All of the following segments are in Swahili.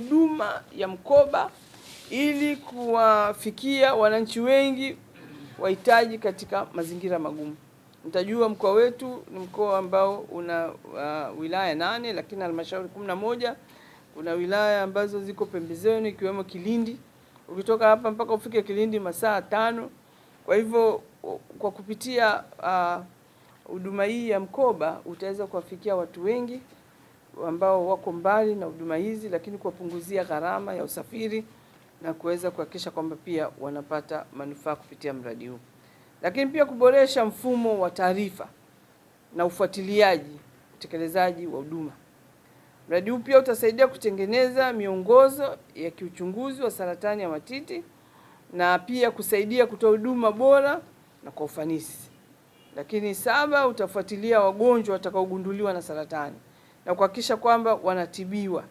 Huduma ya mkoba ili kuwafikia wananchi wengi wahitaji katika mazingira magumu. Mtajua mkoa wetu ni mkoa ambao una uh, wilaya nane lakini halmashauri kumi na moja. Kuna wilaya ambazo ziko pembezoni ikiwemo Kilindi. Ukitoka hapa mpaka ufike Kilindi masaa tano. Kwa hivyo kwa kupitia uh, huduma uh, hii ya mkoba utaweza kuwafikia watu wengi ambao wako mbali na huduma hizi, lakini kuwapunguzia gharama ya usafiri na kuweza kuhakikisha kwamba pia wanapata manufaa kupitia mradi huu, lakini pia kuboresha mfumo wa taarifa na ufuatiliaji utekelezaji wa huduma. Mradi huu pia utasaidia kutengeneza miongozo ya kiuchunguzi wa saratani ya matiti na pia kusaidia kutoa huduma bora na kwa ufanisi. Lakini saba, utafuatilia wagonjwa watakaogunduliwa na saratani na kuhakikisha kwamba wanatibiwa.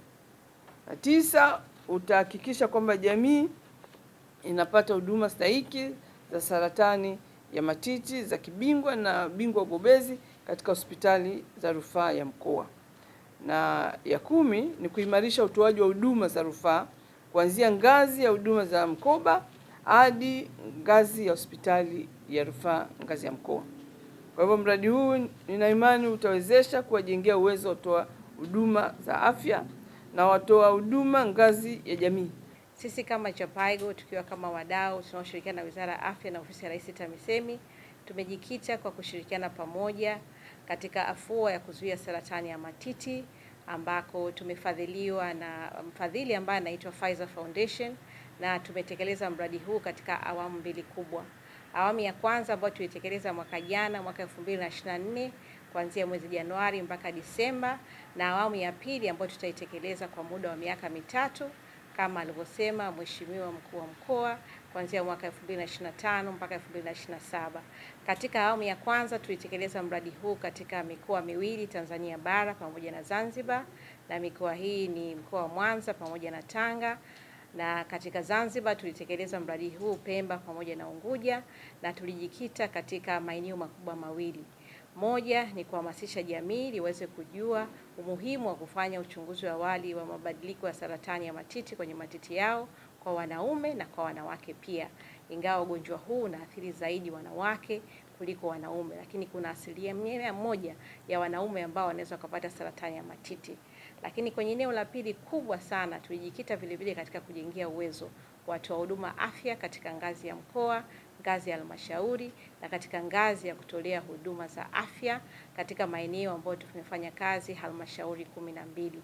Na tisa, utahakikisha kwamba jamii inapata huduma stahiki za saratani ya matiti za kibingwa na bingwa ubobezi katika hospitali za rufaa ya mkoa. Na ya kumi ni kuimarisha utoaji wa huduma za rufaa kuanzia ngazi ya huduma za mkoba hadi ngazi ya hospitali ya rufaa ngazi ya mkoa. Kwa hivyo mradi huu nina imani utawezesha kuwajengea uwezo watoa huduma za afya na watoa huduma ngazi ya jamii. Sisi kama Chapaigo tukiwa kama wadau tunaoshirikiana na Wizara ya Afya na Ofisi ya Rais TAMISEMI tumejikita kwa kushirikiana pamoja katika afua ya kuzuia saratani ya matiti ambako tumefadhiliwa na mfadhili ambaye anaitwa Pfizer Foundation na tumetekeleza mradi huu katika awamu mbili kubwa awamu ya kwanza ambayo tulitekeleza mwaka jana mwaka 2024 kuanzia mwezi Januari mpaka Disemba, na awamu ya pili ambayo tutaitekeleza kwa muda wa miaka mitatu kama alivyosema Mheshimiwa mkuu wa mkoa kuanzia mwaka 2025 mpaka 2027. Katika awamu ya kwanza tulitekeleza mradi huu katika mikoa miwili Tanzania bara pamoja na Zanzibar, na mikoa hii ni mkoa wa Mwanza pamoja na Tanga na katika Zanzibar tulitekeleza mradi huu Pemba pamoja na Unguja, na tulijikita katika maeneo makubwa mawili. Moja ni kuhamasisha jamii liweze kujua umuhimu wa kufanya uchunguzi wa awali wa mabadiliko ya saratani ya matiti kwenye matiti yao kwa wanaume na kwa wanawake pia, ingawa ugonjwa huu unaathiri zaidi wanawake kuliko wanaume, lakini kuna asilimia moja ya wanaume ambao wanaweza kupata saratani ya matiti. Lakini kwenye eneo la pili kubwa sana tulijikita vile vile katika kujengea uwezo watu wa huduma afya katika ngazi ya mkoa, ngazi ya halmashauri na katika ngazi ya kutolea huduma za afya katika maeneo ambayo tumefanya kazi halmashauri kumi na mbili.